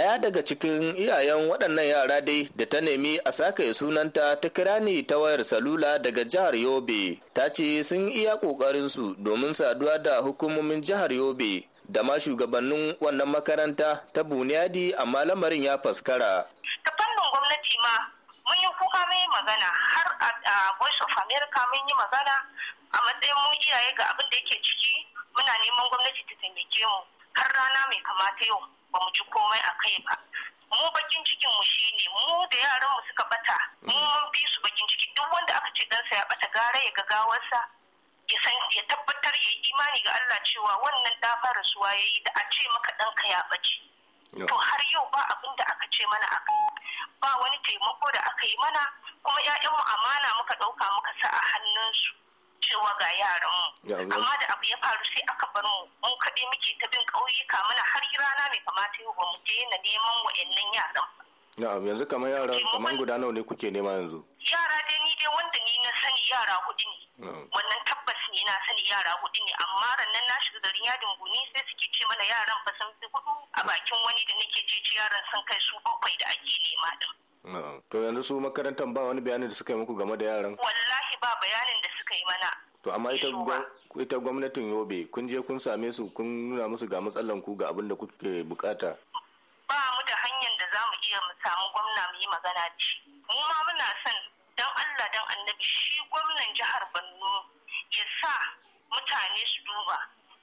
daya daga cikin iyayen waɗannan yara dai da ta nemi a sake sunanta ta kira ni ta wayar salula daga jihar Yobe. Ta ce sun iya ƙoƙarinsu domin saduwa da hukumomin jihar Yobe da ma shugabannin wannan makaranta ta Buniyadi amma lamarin ya faskara. Ta fannin gwamnati ma mun yi kuka mun magana har a Voice of America mun yi magana a matsayin mu iyaye ga abin da yake ciki muna neman gwamnati ta taimake mu. har rana mai kamata yau ba mu ji komai a kai ba mu bakin cikin mu shine mu da yaran mu suka bata mu mm. mun fi su bakin ciki duk wanda aka ce dansa ya bata gara ya ga gawarsa ya san ya tabbatar ya yi imani ga Allah cewa wannan da fara suwa yayi da a ce maka danka ya bace to har yau ba abin da aka ce mana aka ba wani taimako da aka yi mana kuma 'ya'yanmu amana muka ɗauka muka sa a hannunsu cewa ga yaran mu amma da abu ya faru sai aka bar mu mun kaɗai muke ta bin ƙauyuka muna har yi rana mai kamata yau ba mu je na neman wa'annan yaran Na'am yanzu kamar yara kamar guda nawa ne kuke nema yanzu? Yara dai ni dai wanda ni na sani yara hudu ne. Wannan tabbas ni na sani yara hudu ne amma rannan na shiga garin yadin guni sai suke ce mana yaran ba sun fi hudu a bakin wani da nake ce yaran sun kai su bakwai da ake nema din. To yanzu su makarantar ba wani bayani da suka yi muku game da yaran? Wallahi ba bayanin da suka yi mana to amma ita gwamnatin yobe kun je kun same su kun nuna musu ga matsalan ku ga abin da kuke bukata ba mu da hanyar da za mu iya mu samu gwamna mu yi magana ce. mu ma muna son dan Allah dan annabi shi gwamnan jihar Borno ya sa mutane su duba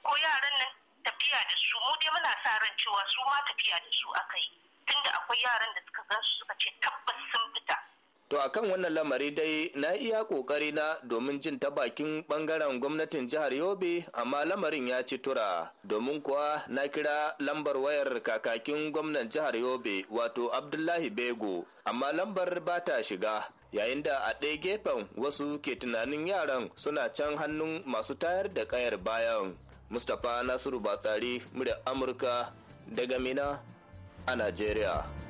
ko yaran nan tafiya da su mu dai muna sa ran cewa su ma tafiya da su akai tunda akwai yaran da suka gan su suka ce tabbas sun fita To akan wannan lamari dai na iya kokari na domin jin ta bakin bangaren gwamnatin jihar Yobe amma lamarin ya ci tura domin kuwa na kira lambar wayar kakakin gwamnan jihar Yobe wato Abdullahi Bego amma lambar ba ta shiga yayin da a ɗaya gefen wasu ke tunanin yaran suna can hannun masu tayar da kayar bayan. Mustapha Nasiru Batsari mura Amurka daga Mina a Najeriya.